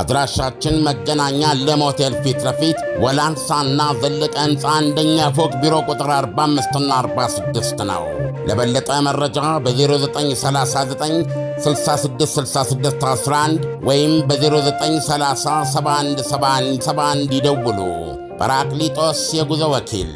አድራሻችን መገናኛ ለሞቴል ፊት ለፊት ወላንሳና ዘለቀ ህንፃ አንደኛ ፎቅ ቢሮ ቁጥር 45ና 46 ነው። ለበለጠ መረጃ በ0939 666611 ወይም በ0930717171 ይደውሉ። ጰራቅሊጦስ የጉዞ ወኪል።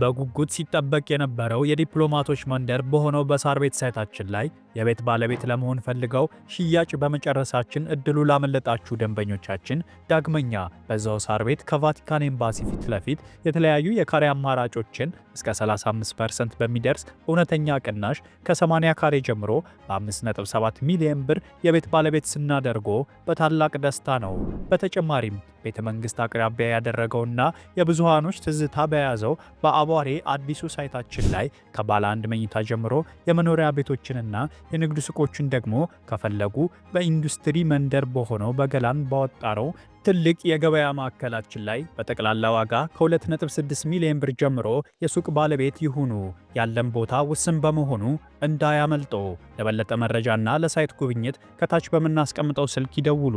በጉጉት ሲጠበቅ የነበረው የዲፕሎማቶች መንደር በሆነው በሳር ቤት ሳይታችን ላይ የቤት ባለቤት ለመሆን ፈልገው ሽያጭ በመጨረሳችን እድሉ ላመለጣችሁ ደንበኞቻችን ዳግመኛ በዛው ሳር ቤት ከቫቲካን ኤምባሲ ፊት ለፊት የተለያዩ የካሬ አማራጮችን እስከ 35% በሚደርስ እውነተኛ ቅናሽ ከ80 ካሬ ጀምሮ በ5.7 ሚሊዮን ብር የቤት ባለቤት ስናደርጎ በታላቅ ደስታ ነው። በተጨማሪም ቤተ መንግስት አቅራቢያ ያደረገውና የብዙሃኖች ትዝታ በያዘው በአቧሬ አዲሱ ሳይታችን ላይ ከባለ አንድ መኝታ ጀምሮ የመኖሪያ ቤቶችንና የንግድ ሱቆችን ደግሞ ከፈለጉ በኢንዱስትሪ መንደር በሆነው በገላን ባወጣነው ትልቅ የገበያ ማዕከላችን ላይ በጠቅላላ ዋጋ ከ2.6 ሚሊዮን ብር ጀምሮ የሱቅ ባለቤት ይሁኑ። ያለን ቦታ ውስን በመሆኑ እንዳያመልጦ። ለበለጠ መረጃና ለሳይት ጉብኝት ከታች በምናስቀምጠው ስልክ ይደውሉ።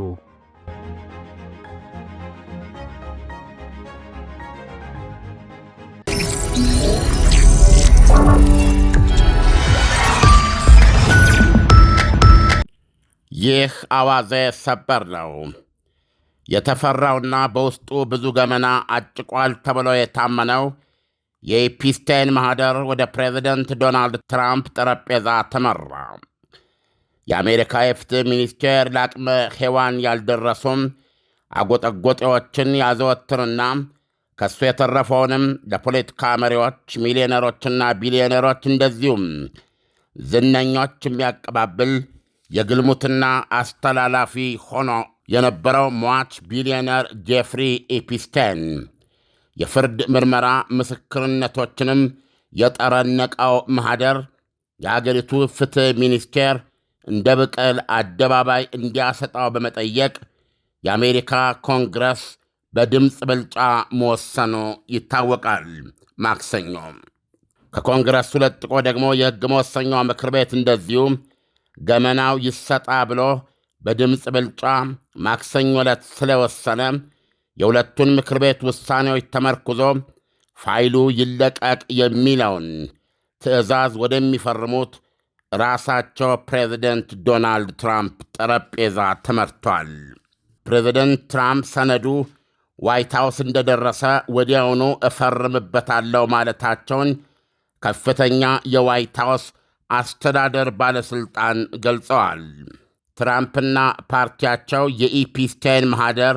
ይህ አዋዜ ሰበር ነው። የተፈራውና በውስጡ ብዙ ገመና አጭቋል ተብሎ የታመነው የኢፒስቴን ማኅደር ወደ ፕሬዚደንት ዶናልድ ትራምፕ ጠረጴዛ ተመራ። የአሜሪካ የፍት ሚኒስቴር ለአቅመ ሔዋን ያልደረሱም አጎጠጎጤዎችን ያዘወትርና ከእሱ የተረፈውንም ለፖለቲካ መሪዎች፣ ሚሊዮነሮችና ቢሊዮነሮች እንደዚሁም ዝነኞች የሚያቀባብል የግልሙትና አስተላላፊ ሆኖ የነበረው ሟች ቢሊዮነር ጄፍሪ ኢፒስቴን የፍርድ ምርመራ ምስክርነቶችንም የጠረነቀው ማኅደር የአገሪቱ ፍትሕ ሚኒስቴር እንደ ብቅል አደባባይ እንዲያሰጣው በመጠየቅ የአሜሪካ ኮንግረስ በድምፅ ብልጫ መወሰኑ ይታወቃል። ማክሰኞ ከኮንግረስ ሁለት ጥቆ ደግሞ የሕግ መወሰኛው ምክር ቤት እንደዚሁ ገመናው ይሰጣ ብሎ በድምፅ ብልጫ ማክሰኞ ዕለት ስለወሰነ የሁለቱን ምክር ቤት ውሳኔዎች ተመርኩዞ ፋይሉ ይለቀቅ የሚለውን ትዕዛዝ ወደሚፈርሙት ራሳቸው ፕሬዚደንት ዶናልድ ትራምፕ ጠረጴዛ ተመርቷል። ፕሬዚደንት ትራምፕ ሰነዱ ዋይት ሃውስ እንደደረሰ ወዲያውኑ እፈርምበታለሁ ማለታቸውን ከፍተኛ የዋይት ሃውስ አስተዳደር ባለሥልጣን ገልጸዋል። ትራምፕና ፓርቲያቸው የኢፒስታይን ማኅደር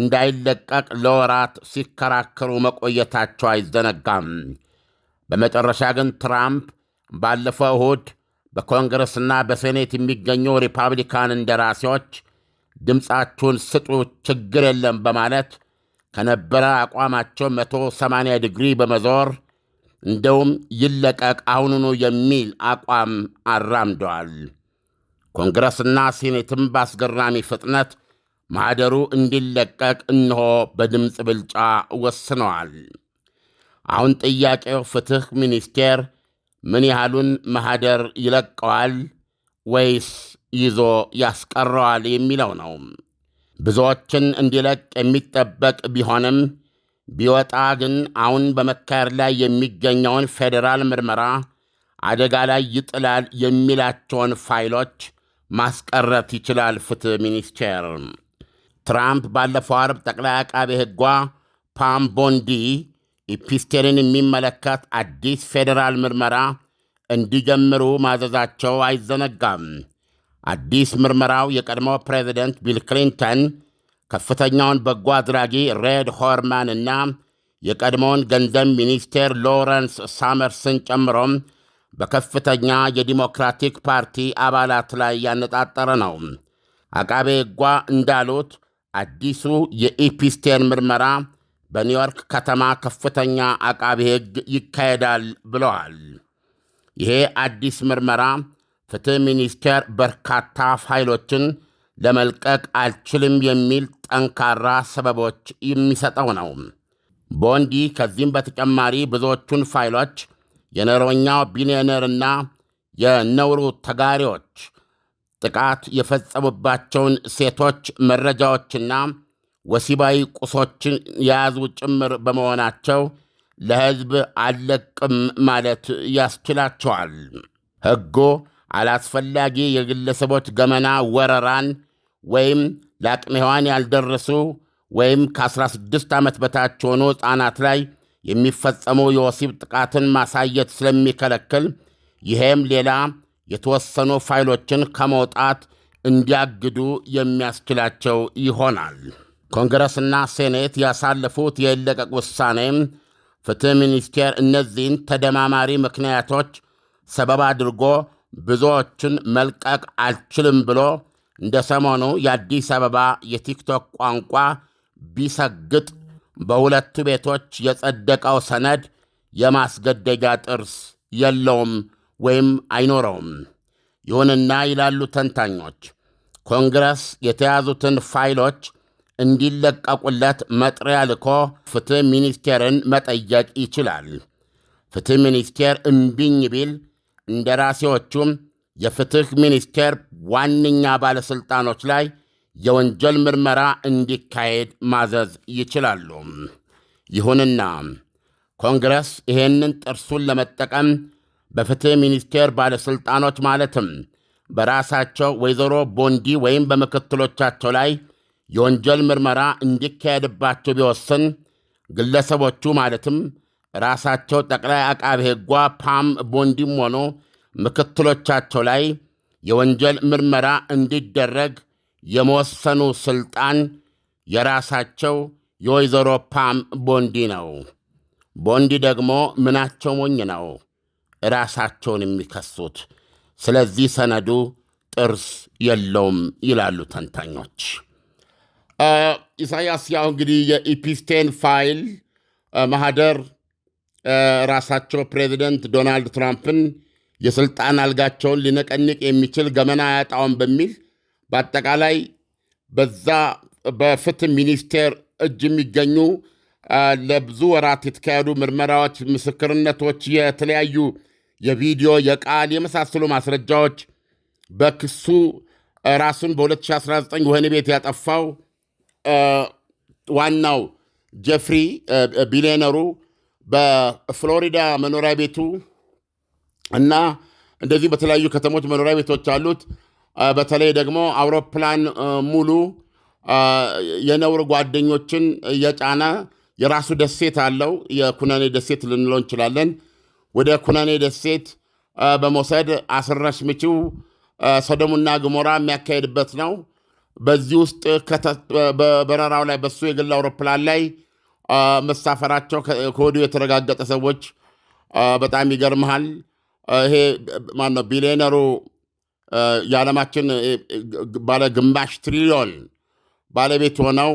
እንዳይለቀቅ ለወራት ሲከራከሩ መቆየታቸው አይዘነጋም። በመጨረሻ ግን ትራምፕ ባለፈው እሁድ በኮንግረስና በሴኔት የሚገኙ ሪፐብሊካን እንደራሴዎች ድምፃችሁን ስጡ፣ ችግር የለም በማለት ከነበረ አቋማቸው 180 ዲግሪ በመዞር እንደውም ይለቀቅ አሁኑኑ የሚል አቋም አራምደዋል። ኮንግረስና ሴኔትም በአስገራሚ ፍጥነት ማኅደሩ እንዲለቀቅ እንሆ በድምፅ ብልጫ ወስነዋል። አሁን ጥያቄው ፍትሕ ሚኒስቴር ምን ያህሉን ማኅደር ይለቀዋል ወይስ ይዞ ያስቀረዋል የሚለው ነው። ብዙዎችን እንዲለቅ የሚጠበቅ ቢሆንም ቢወጣ ግን አሁን በመካሄድ ላይ የሚገኘውን ፌዴራል ምርመራ አደጋ ላይ ይጥላል የሚላቸውን ፋይሎች ማስቀረት ይችላል ፍትህ ሚኒስቴር። ትራምፕ ባለፈው አርብ ጠቅላይ አቃቤ ሕጓ ፓም ቦንዲ ኢፒስቴልን የሚመለከት አዲስ ፌዴራል ምርመራ እንዲጀምሩ ማዘዛቸው አይዘነጋም። አዲስ ምርመራው የቀድሞ ፕሬዚደንት ቢል ክሊንተን ከፍተኛውን በጎ አድራጊ ሬድ ሆርማን እና የቀድሞውን ገንዘብ ሚኒስቴር ሎረንስ ሳመርስን ጨምሮም በከፍተኛ የዲሞክራቲክ ፓርቲ አባላት ላይ ያነጣጠረ ነው። አቃቤ ሕጓ እንዳሉት አዲሱ የኢፒስቴን ምርመራ በኒውዮርክ ከተማ ከፍተኛ አቃቤ ሕግ ይካሄዳል ብለዋል። ይሄ አዲስ ምርመራ ፍትሕ ሚኒስቴር በርካታ ፋይሎችን ለመልቀቅ አልችልም የሚል ጠንካራ ሰበቦች የሚሰጠው ነው። ቦንዲ ከዚህም በተጨማሪ ብዙዎቹን ፋይሎች የነሮኛው ቢሊዮነርና የነውሩ ተጋሪዎች ጥቃት የፈጸሙባቸውን ሴቶች መረጃዎችና ወሲባዊ ቁሶችን የያዙ ጭምር በመሆናቸው ለሕዝብ አልለቅም ማለት ያስችላቸዋል። ሕጉ አላስፈላጊ የግለሰቦች ገመና ወረራን ወይም ለአቅመ ሔዋን ያልደረሱ ወይም ከ16 ዓመት በታች ሆኑ ሕፃናት ላይ የሚፈጸሙ የወሲብ ጥቃትን ማሳየት ስለሚከለክል ይሄም ሌላ የተወሰኑ ፋይሎችን ከመውጣት እንዲያግዱ የሚያስችላቸው ይሆናል። ኮንግረስና ሴኔት ያሳለፉት የለቀቅ ውሳኔም ፍትሕ ሚኒስቴር እነዚህን ተደማማሪ ምክንያቶች ሰበብ አድርጎ ብዙዎችን መልቀቅ አልችልም ብሎ እንደ ሰሞኑ የአዲስ አበባ የቲክቶክ ቋንቋ ቢሰግጥ በሁለቱ ቤቶች የጸደቀው ሰነድ የማስገደጃ ጥርስ የለውም ወይም አይኖረውም። ይሁንና ይላሉ ተንታኞች፣ ኮንግረስ የተያዙትን ፋይሎች እንዲለቀቁለት መጥሪያ ልኮ ፍትሕ ሚኒስቴርን መጠየቅ ይችላል። ፍትሕ ሚኒስቴር እምቢኝ ቢል እንደራሴዎቹም የፍትሕ ሚኒስቴር ዋነኛ ባለሥልጣኖች ላይ የወንጀል ምርመራ እንዲካሄድ ማዘዝ ይችላሉ። ይሁንና ኮንግረስ ይህንን ጥርሱን ለመጠቀም በፍትሕ ሚኒስቴር ባለሥልጣኖች ማለትም በራሳቸው ወይዘሮ ቦንዲ ወይም በምክትሎቻቸው ላይ የወንጀል ምርመራ እንዲካሄድባቸው ቢወስን ግለሰቦቹ ማለትም ራሳቸው ጠቅላይ አቃቤ ሕጓ ፓም ቦንዲም ሆኖ ምክትሎቻቸው ላይ የወንጀል ምርመራ እንዲደረግ የመወሰኑ ሥልጣን የራሳቸው የወይዘሮ ፓም ቦንዲ ነው። ቦንዲ ደግሞ ምናቸው ሞኝ ነው ራሳቸውን የሚከሱት። ስለዚህ ሰነዱ ጥርስ የለውም ይላሉ ተንታኞች። ኢሳያስ ያው እንግዲህ የኢፒስቴን ፋይል ማህደር ራሳቸው ፕሬዚደንት ዶናልድ ትራምፕን የሥልጣን አልጋቸውን ሊነቀንቅ የሚችል ገመና አያጣውም በሚል በአጠቃላይ በዛ በፍትህ ሚኒስቴር እጅ የሚገኙ ለብዙ ወራት የተካሄዱ ምርመራዎች፣ ምስክርነቶች፣ የተለያዩ የቪዲዮ የቃል የመሳሰሉ ማስረጃዎች በክሱ ራሱን በ2019 ወህኒ ቤት ያጠፋው ዋናው ጀፍሪ ቢሊዮነሩ በፍሎሪዳ መኖሪያ ቤቱ እና እንደዚህ በተለያዩ ከተሞች መኖሪያ ቤቶች አሉት። በተለይ ደግሞ አውሮፕላን ሙሉ የነውር ጓደኞችን የጫነ የራሱ ደሴት አለው። የኩነኔ ደሴት ልንለው እንችላለን። ወደ ኩነኔ ደሴት በመውሰድ አስረሽ ምችው ሰዶምና ግሞራ የሚያካሄድበት ነው። በዚህ ውስጥ በበረራው ላይ በሱ የግል አውሮፕላን ላይ መሳፈራቸው ከወዲሁ የተረጋገጠ ሰዎች በጣም ይገርመሃል። ይሄ ነው ቢሊዮነሩ የዓለማችን ባለ ግማሽ ትሪሊዮን ባለቤት ሆነው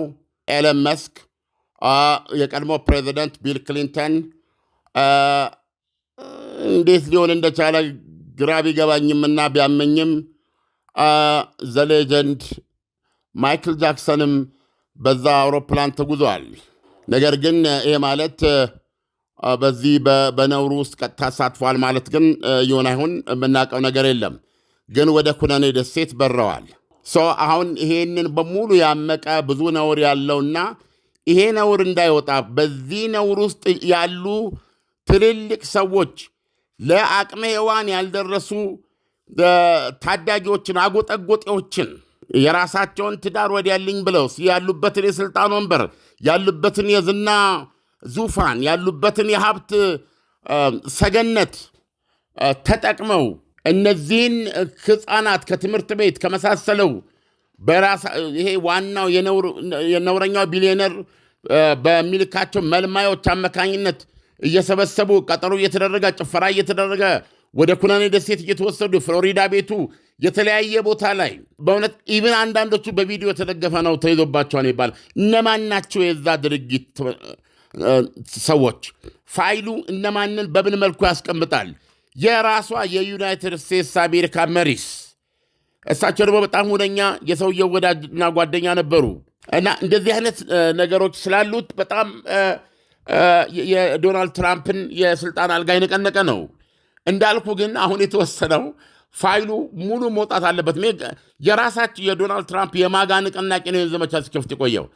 ኤለን መስክ፣ የቀድሞ ፕሬዚደንት ቢል ክሊንተን እንዴት ሊሆን እንደቻለ ግራ ቢገባኝም እና ቢያመኝም ዘሌጀንድ ማይክል ጃክሰንም በዛ አውሮፕላን ተጉዟል። ነገር ግን ይሄ ማለት በዚህ በነውሩ ውስጥ ቀጥታ ተሳትፏል ማለት ግን ይሁን አይሁን የምናውቀው ነገር የለም። ግን ወደ ኩነኔ ደሴት በረዋል። አሁን ይሄንን በሙሉ ያመቀ ብዙ ነውር ያለውና ይሄ ነውር እንዳይወጣ በዚህ ነውር ውስጥ ያሉ ትልልቅ ሰዎች ለአቅመ ሔዋን ያልደረሱ ታዳጊዎችን፣ አጎጠጎጤዎችን የራሳቸውን ትዳር ወዲያልኝ ብለው ያሉበትን የስልጣን ወንበር ያሉበትን የዝና ዙፋን ያሉበትን የሀብት ሰገነት ተጠቅመው እነዚህን ህፃናት ከትምህርት ቤት ከመሳሰለው ይሄ ዋናው የነውረኛው ቢሊዮነር በሚልካቸው መልማዮች አማካኝነት እየሰበሰቡ ቀጠሮ እየተደረገ ጭፈራ እየተደረገ ወደ ኩናኔ ደሴት እየተወሰዱ ፍሎሪዳ ቤቱ የተለያየ ቦታ ላይ በእውነት ኢብን አንዳንዶቹ በቪዲዮ የተደገፈ ነው ተይዞባቸዋል ይባላል። እነማን ናቸው የዛ ድርጊት ሰዎች ፋይሉ እነማንን በምን መልኩ ያስቀምጣል? የራሷ የዩናይትድ ስቴትስ አሜሪካ መሪስ እሳቸው ደግሞ በጣም ሁነኛ የሰውየው ወዳጅና ጓደኛ ነበሩ እና እንደዚህ አይነት ነገሮች ስላሉት በጣም የዶናልድ ትራምፕን የስልጣን አልጋ የነቀነቀ ነው። እንዳልኩ ግን አሁን የተወሰነው ፋይሉ ሙሉ መውጣት አለበት። የራሳቸው የዶናልድ ትራምፕ የማጋ ንቅናቄ ነው ዘመቻ ሲከፍት የቆየው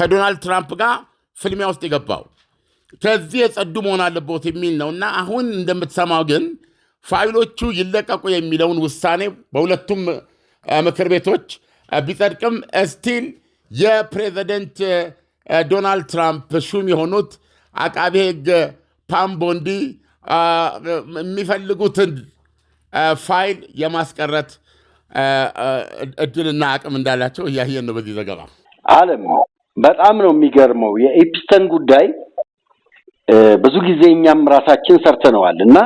ከዶናልድ ትራምፕ ጋር ፍልሚያ ውስጥ የገባው ከዚህ የጸዱ መሆን አለበት የሚል ነው እና አሁን እንደምትሰማው ግን ፋይሎቹ ይለቀቁ የሚለውን ውሳኔ በሁለቱም ምክር ቤቶች ቢጸድቅም እስቲል የፕሬዚደንት ዶናልድ ትራምፕ ሹም የሆኑት አቃቤ ሕግ ፓም ቦንዲ የሚፈልጉትን ፋይል የማስቀረት እድልና አቅም እንዳላቸው እያየን ነው በዚህ ዘገባ አለም በጣም ነው የሚገርመው። የኢፕስተን ጉዳይ ብዙ ጊዜ እኛም ራሳችን ሰርተነዋል እና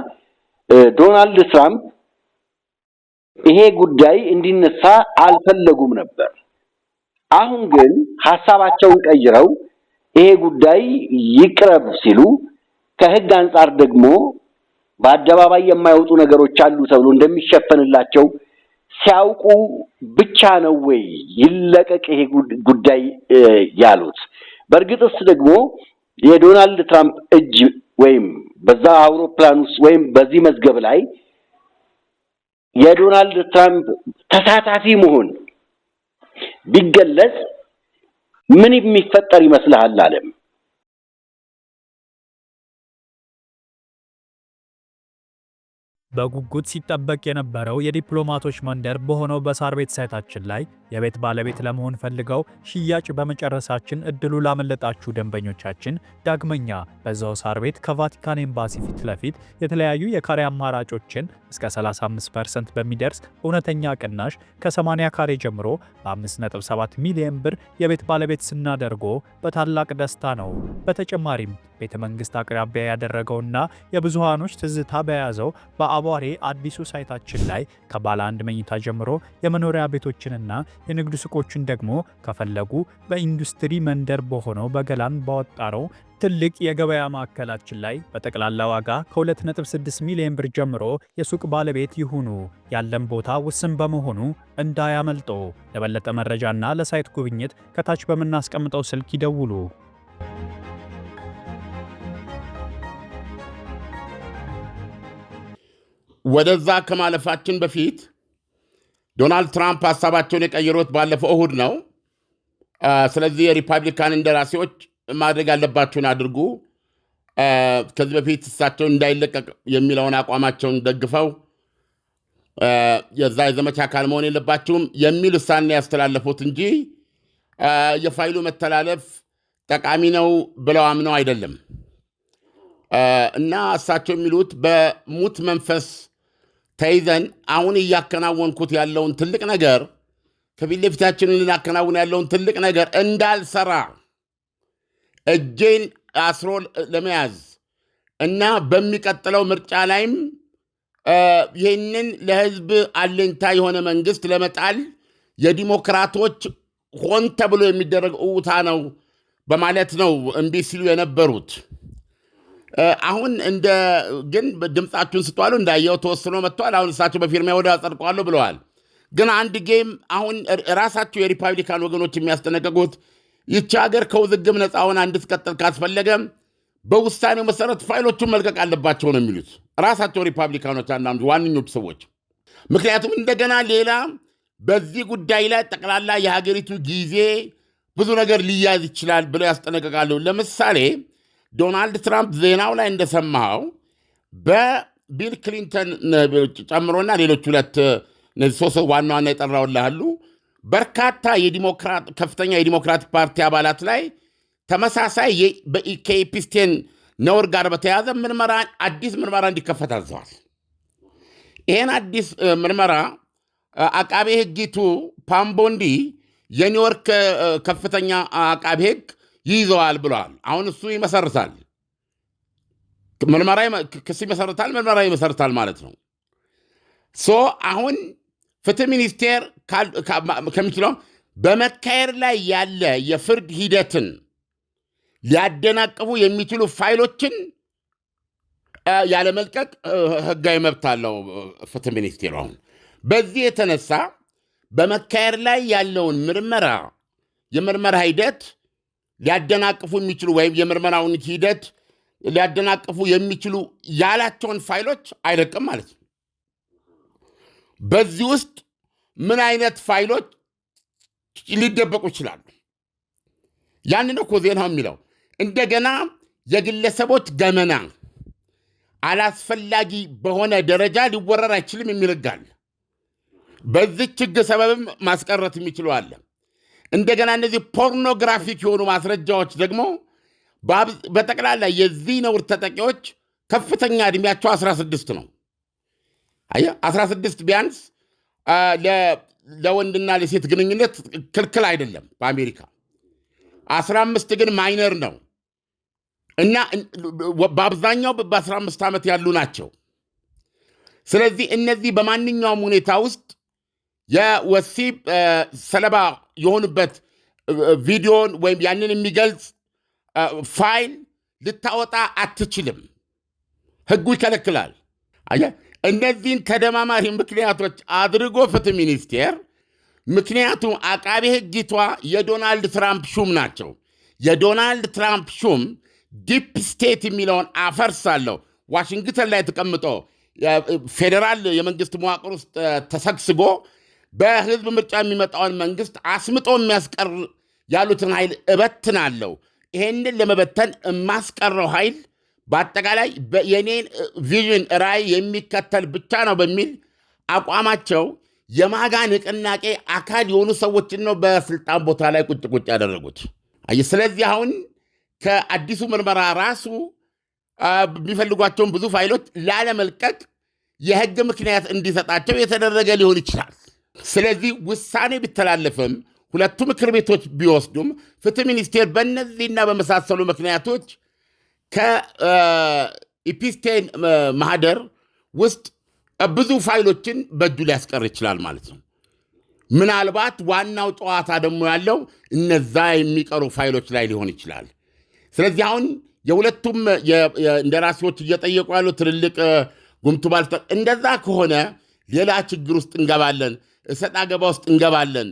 ዶናልድ ትራምፕ ይሄ ጉዳይ እንዲነሳ አልፈለጉም ነበር። አሁን ግን ሀሳባቸውን ቀይረው ይሄ ጉዳይ ይቅረብ ሲሉ ከህግ አንጻር ደግሞ በአደባባይ የማይወጡ ነገሮች አሉ ተብሎ እንደሚሸፈንላቸው ሲያውቁ ብቻ ነው ወይ ይለቀቅ ይሄ ጉዳይ ያሉት? በእርግጥስ ደግሞ የዶናልድ ትራምፕ እጅ ወይም በዛ አውሮፕላን ውስጥ ወይም በዚህ መዝገብ ላይ የዶናልድ ትራምፕ ተሳታፊ መሆን ቢገለጽ ምን የሚፈጠር ይመስልሃል? አለም በጉጉት ሲጠበቅ የነበረው የዲፕሎማቶች መንደር በሆነው በሳር ቤት ሳይታችን ላይ የቤት ባለቤት ለመሆን ፈልገው ሽያጭ በመጨረሳችን እድሉ ላመለጣችሁ ደንበኞቻችን ዳግመኛ በዛው ሳር ቤት ከቫቲካን ኤምባሲ ፊት ለፊት የተለያዩ የካሬ አማራጮችን እስከ 35% በሚደርስ እውነተኛ ቅናሽ ከ80 ካሬ ጀምሮ በ5.7 ሚሊዮን ብር የቤት ባለቤት ስናደርጎ በታላቅ ደስታ ነው። በተጨማሪም ቤተ መንግስት አቅራቢያ ያደረገውና የብዙሃኖች ትዝታ በያዘው በአቧሬ አዲሱ ሳይታችን ላይ ከባለ አንድ መኝታ ጀምሮ የመኖሪያ ቤቶችንና የንግድ ሱቆችን ደግሞ ከፈለጉ በኢንዱስትሪ መንደር በሆነው በገላን ባወጣነው ትልቅ የገበያ ማዕከላችን ላይ በጠቅላላ ዋጋ ከ2.6 ሚሊዮን ብር ጀምሮ የሱቅ ባለቤት ይሁኑ። ያለን ቦታ ውስን በመሆኑ እንዳያመልጦ። ለበለጠ መረጃና ለሳይት ጉብኝት ከታች በምናስቀምጠው ስልክ ይደውሉ። ወደዛ ከማለፋችን በፊት ዶናልድ ትራምፕ ሀሳባቸውን የቀየሩት ባለፈው እሁድ ነው። ስለዚህ የሪፐብሊካን እንደራሴዎች ማድረግ ያለባቸውን አድርጉ፣ ከዚህ በፊት እሳቸውን እንዳይለቀቅ የሚለውን አቋማቸውን ደግፈው የዛ የዘመቻ አካል መሆን የለባቸውም የሚል ውሳኔ ያስተላለፉት እንጂ የፋይሉ መተላለፍ ጠቃሚ ነው ብለው አምነው አይደለም እና እሳቸው የሚሉት በሙት መንፈስ ተይዘን አሁን እያከናወንኩት ያለውን ትልቅ ነገር ከፊት ለፊታችን ልናከናውን ያለውን ትልቅ ነገር እንዳልሰራ እጄን አስሮ ለመያዝ እና በሚቀጥለው ምርጫ ላይም ይህንን ለሕዝብ አለኝታ የሆነ መንግስት ለመጣል የዲሞክራቶች ሆን ተብሎ የሚደረግ እውታ ነው በማለት ነው እምቢ ሲሉ የነበሩት። አሁን እንደ ግን ድምፃችሁን ስትዋሉ እንዳየው ተወስኖ መጥተዋል። አሁን እሳቸው በፊርማ ወደ አጸድቀዋለሁ ብለዋል። ግን አንድ ጌም አሁን ራሳቸው የሪፐብሊካን ወገኖች የሚያስጠነቀቁት ይቺ ሀገር ከውዝግብ ነፃ ሆና እንድትቀጥል ካስፈለገ በውሳኔው መሰረት ፋይሎቹን መልቀቅ አለባቸው ነው የሚሉት ራሳቸው ሪፐብሊካኖች፣ አንዳንዱ ዋነኞቹ ሰዎች። ምክንያቱም እንደገና ሌላ በዚህ ጉዳይ ላይ ጠቅላላ የሀገሪቱ ጊዜ ብዙ ነገር ሊያዝ ይችላል ብለው ያስጠነቅቃሉ። ለምሳሌ ዶናልድ ትራምፕ ዜናው ላይ እንደሰማኸው በቢል ክሊንተን ጨምሮና ሌሎች ሁለት እነዚህ ሶስት ዋና ዋና የጠራውላሉ በርካታ ከፍተኛ የዲሞክራቲክ ፓርቲ አባላት ላይ ተመሳሳይ ከኢፒስቴን ነውር ጋር በተያያዘ ምርመራ አዲስ ምርመራ እንዲከፈት አዘዋል። ይህን አዲስ ምርመራ አቃቤ ሕጊቱ ፓምቦንዲ የኒውዮርክ ከፍተኛ አቃቤ ሕግ ይይዘዋል ብለዋል። አሁን እሱ ይመሰርታል፣ ምርመራ ክስ ይመሰርታል፣ ምርመራ ይመሰርታል ማለት ነው። ሶ አሁን ፍትህ ሚኒስቴር ከሚችለው በመካሄድ ላይ ያለ የፍርድ ሂደትን ሊያደናቅፉ የሚችሉ ፋይሎችን ያለመልቀቅ ህጋዊ መብት አለው ፍትህ ሚኒስቴሩ። አሁን በዚህ የተነሳ በመካሄድ ላይ ያለውን ምርመራ የምርመራ ሂደት ሊያደናቅፉ የሚችሉ ወይም የምርመራውን ሂደት ሊያደናቅፉ የሚችሉ ያላቸውን ፋይሎች አይለቅም ማለት ነው። በዚህ ውስጥ ምን አይነት ፋይሎች ሊደበቁ ይችላሉ? ያንን እኮ ዜናው የሚለው እንደገና የግለሰቦች ገመና አላስፈላጊ በሆነ ደረጃ ሊወረር አይችልም የሚልጋል። በዚህ ችግር ሰበብም ማስቀረት የሚችለው አለ። እንደገና እነዚህ ፖርኖግራፊክ የሆኑ ማስረጃዎች ደግሞ በጠቅላላ የዚህ ነውር ተጠቂዎች ከፍተኛ እድሜያቸው 16 ነው። አየህ 16 ቢያንስ ለወንድና ለሴት ግንኙነት ክልክል አይደለም በአሜሪካ። 15 ግን ማይነር ነው እና በአብዛኛው በ15 ዓመት ያሉ ናቸው። ስለዚህ እነዚህ በማንኛውም ሁኔታ ውስጥ የወሲብ ሰለባ የሆኑበት ቪዲዮን ወይም ያንን የሚገልጽ ፋይል ልታወጣ አትችልም። ህጉ ይከለክላል። እነዚህን ተደማማሪ ምክንያቶች አድርጎ ፍትህ ሚኒስቴር ምክንያቱም አቃቤ ህጊቷ የዶናልድ ትራምፕ ሹም ናቸው። የዶናልድ ትራምፕ ሹም ዲፕ ስቴት የሚለውን አፈርሳለሁ ዋሽንግተን ላይ ተቀምጦ ፌዴራል የመንግስት መዋቅር ውስጥ ተሰግስጎ በህዝብ ምርጫ የሚመጣውን መንግስት አስምጦ የሚያስቀር ያሉትን ኃይል እበትናለሁ። ይሄንን ለመበተን የማስቀረው ኃይል በአጠቃላይ የኔን ቪዥን ራይ የሚከተል ብቻ ነው በሚል አቋማቸው የማጋ ንቅናቄ አካል የሆኑ ሰዎችን ነው በስልጣን ቦታ ላይ ቁጭ ቁጭ ያደረጉት። ስለዚህ አሁን ከአዲሱ ምርመራ ራሱ የሚፈልጓቸውን ብዙ ፋይሎች ላለመልቀቅ የህግ ምክንያት እንዲሰጣቸው የተደረገ ሊሆን ይችላል። ስለዚህ ውሳኔ ቢተላለፍም ሁለቱ ምክር ቤቶች ቢወስዱም ፍትህ ሚኒስቴር በእነዚህና በመሳሰሉ ምክንያቶች ከኢፒስቴን ማህደር ውስጥ ብዙ ፋይሎችን በእጁ ሊያስቀር ይችላል ማለት ነው። ምናልባት ዋናው ጨዋታ ደግሞ ያለው እነዛ የሚቀሩ ፋይሎች ላይ ሊሆን ይችላል። ስለዚህ አሁን የሁለቱም እንደራሴዎች እየጠየቁ ያሉ ትልልቅ ጉምቱ ባል እንደዛ ከሆነ ሌላ ችግር ውስጥ እንገባለን። እሰጥ አገባ ውስጥ እንገባለን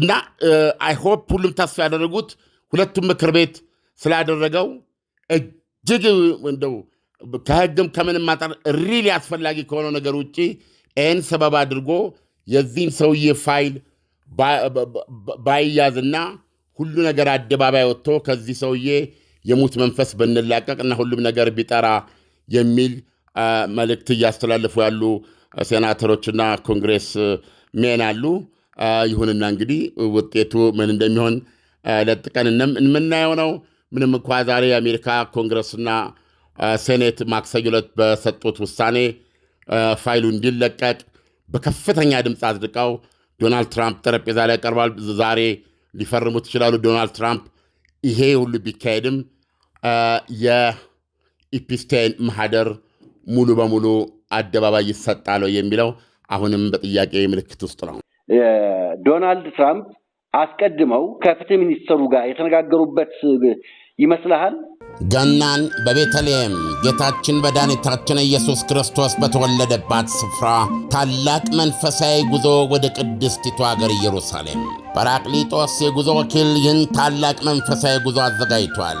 እና አይሆፕ ሁሉም ተስፋ ያደረጉት ሁለቱም ምክር ቤት ስላደረገው እጅግ እንደው ከህግም ከምንም ማጣር ሪሊ አስፈላጊ ከሆነው ነገር ውጭ ይህን ሰበብ አድርጎ የዚህን ሰውዬ ፋይል ባይያዝና ሁሉ ነገር አደባባይ ወጥቶ ከዚህ ሰውዬ የሙት መንፈስ ብንላቀቅ እና ሁሉም ነገር ቢጠራ የሚል መልእክት እያስተላለፉ ያሉ ሴናተሮችና ኮንግሬስ ሜን አሉ። ይሁንና እንግዲህ ውጤቱ ምን እንደሚሆን ለጥቀን የምናየው ነው። ምንም እንኳ ዛሬ የአሜሪካ ኮንግረስና ሴኔት ማክሰኞ ዕለት በሰጡት ውሳኔ ፋይሉ እንዲለቀቅ በከፍተኛ ድምፅ አጽድቀው ዶናልድ ትራምፕ ጠረጴዛ ላይ ያቀርባል ዛሬ ሊፈርሙት ይችላሉ። ዶናልድ ትራምፕ ይሄ ሁሉ ቢካሄድም የኢፒስቴን ማህደር ሙሉ በሙሉ አደባባይ ይሰጣል የሚለው አሁንም በጥያቄ ምልክት ውስጥ ነው። ዶናልድ ትራምፕ አስቀድመው ከፍትህ ሚኒስትሩ ጋር የተነጋገሩበት ይመስልሃል? ገናን በቤተልሔም ጌታችን መድኃኒታችን ኢየሱስ ክርስቶስ በተወለደባት ስፍራ ታላቅ መንፈሳዊ ጉዞ ወደ ቅድስቲቱ አገር ኢየሩሳሌም፣ ጰራቅሊጦስ የጉዞ ወኪል ይህን ታላቅ መንፈሳዊ ጉዞ አዘጋጅቷል።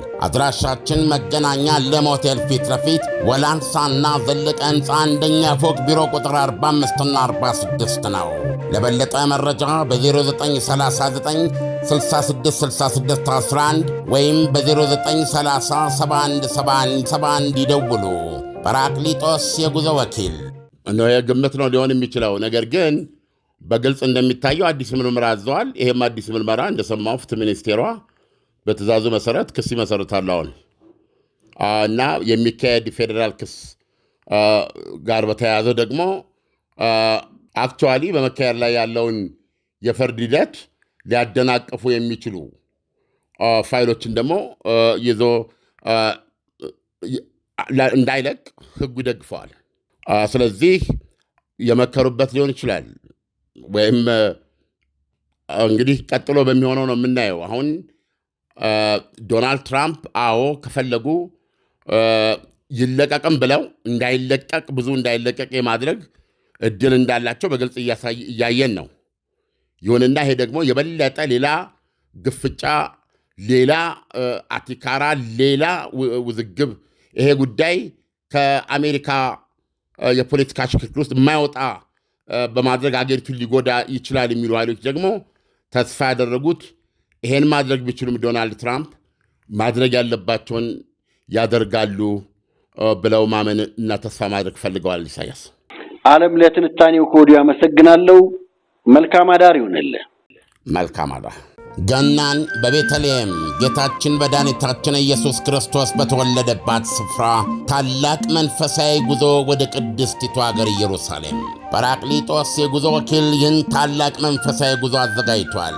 አድራሻችን መገናኛ ለም ሆቴል ፊት ለፊት ወላንሳና ዘለቀ ህንፃ አንደኛ ፎቅ ቢሮ ቁጥር 45ና 46 ነው። ለበለጠ መረጃ በ0939666611 ወይም በ0930717171 ይደውሉ። ጰራቅሊጦስ የጉዞ ወኪል እነሆ ግምት ነው ሊሆን የሚችለው ነገር ግን በግልጽ እንደሚታየው አዲስ ምርመራ አዘዋል። ይሄም አዲስ ምርመራ እንደሰማው ፍትህ ሚኒስቴሯ በትእዛዙ መሰረት ክስ ይመሰርታሉ። አሁን እና የሚካሄድ ፌዴራል ክስ ጋር በተያያዘ ደግሞ አክቹዋሊ በመካሄድ ላይ ያለውን የፍርድ ሂደት ሊያደናቅፉ የሚችሉ ፋይሎችን ደግሞ ይዞ እንዳይለቅ ህጉ ይደግፈዋል። ስለዚህ የመከሩበት ሊሆን ይችላል ወይም እንግዲህ ቀጥሎ በሚሆነው ነው የምናየው አሁን ዶናልድ ትራምፕ አዎ ከፈለጉ ይለቀቅም ብለው እንዳይለቀቅ ብዙ እንዳይለቀቅ የማድረግ እድል እንዳላቸው በግልጽ እያየን ነው። ይሁንና ይሄ ደግሞ የበለጠ ሌላ ግፍጫ፣ ሌላ አቲካራ፣ ሌላ ውዝግብ ይሄ ጉዳይ ከአሜሪካ የፖለቲካ ሽክክል ውስጥ የማይወጣ በማድረግ አገሪቱን ሊጎዳ ይችላል የሚሉ ኃይሎች ደግሞ ተስፋ ያደረጉት ይሄን ማድረግ ቢችሉም ዶናልድ ትራምፕ ማድረግ ያለባቸውን ያደርጋሉ ብለው ማመን እና ተስፋ ማድረግ ፈልገዋል። ኢሳያስ አለም ለትንታኔው ከወዲሁ አመሰግናለሁ። መልካም አዳር ይሆንልህ። መልካም አዳር። ገናን በቤተልሔም ጌታችን መድኃኒታችን ኢየሱስ ክርስቶስ በተወለደባት ስፍራ ታላቅ መንፈሳዊ ጉዞ ወደ ቅድስቲቱ አገር ኢየሩሳሌም። ጰራቅሊጦስ የጉዞ ወኪል ይህን ታላቅ መንፈሳዊ ጉዞ አዘጋጅቷል።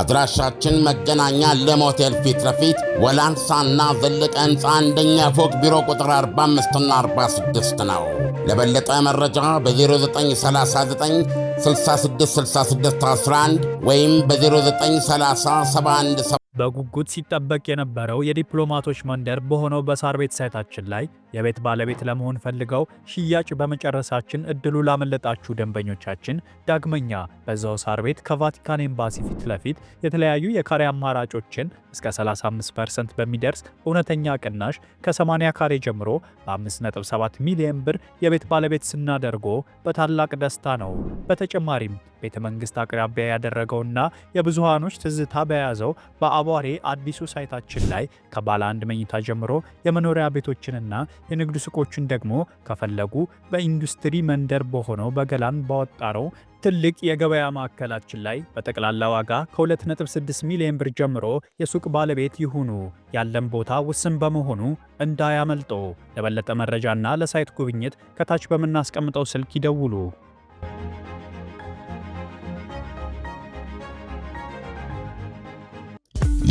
አድራሻችን መገናኛ ለም ሆቴል ፊት ለፊት ወላንሳና ዘለቀ ህንፃ፣ አንደኛ ፎቅ ቢሮ ቁጥር 45ና 46 ነው። ለበለጠ መረጃ በ0939666611 ወይም በ 0931717 በጉጉት ሲጠበቅ የነበረው የዲፕሎማቶች መንደር በሆነው በሳር ቤት ሳይታችን ላይ የቤት ባለቤት ለመሆን ፈልገው ሽያጭ በመጨረሳችን እድሉ ላመለጣችሁ ደንበኞቻችን ዳግመኛ በዛው ሳር ቤት ከቫቲካን ኤምባሲ ፊት ለፊት የተለያዩ የካሬ አማራጮችን እስከ 35% በሚደርስ እውነተኛ ቅናሽ ከ80 ካሬ ጀምሮ በ5.7 ሚሊዮን ብር የቤት ባለቤት ስናደርጎ በታላቅ ደስታ ነው። በተጨማሪም ቤተ መንግስት አቅራቢያ ያደረገውና የብዙሃኖች ትዝታ በያዘው በአቧሬ አዲሱ ሳይታችን ላይ ከባለ አንድ መኝታ ጀምሮ የመኖሪያ ቤቶችንና የንግድ ሱቆችን ደግሞ ከፈለጉ በኢንዱስትሪ መንደር በሆነው በገላን ባወጣነው ትልቅ የገበያ ማዕከላችን ላይ በጠቅላላ ዋጋ ከ2.6 ሚሊዮን ብር ጀምሮ የሱቅ ባለቤት ይሁኑ። ያለን ቦታ ውስን በመሆኑ እንዳያመልጦ። ለበለጠ መረጃና ለሳይት ጉብኝት ከታች በምናስቀምጠው ስልክ ይደውሉ።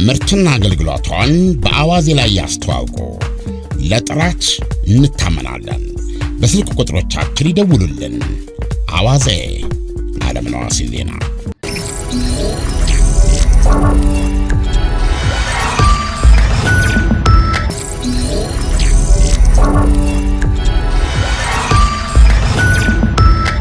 ምርትና አገልግሎቷን በአዋዜ ላይ ያስተዋውቁ። ለጥራች እንታመናለን። በስልክ ቁጥሮቻችን ይደውሉልን። አዋዜ ዓለምነህ ዋሴ ዜና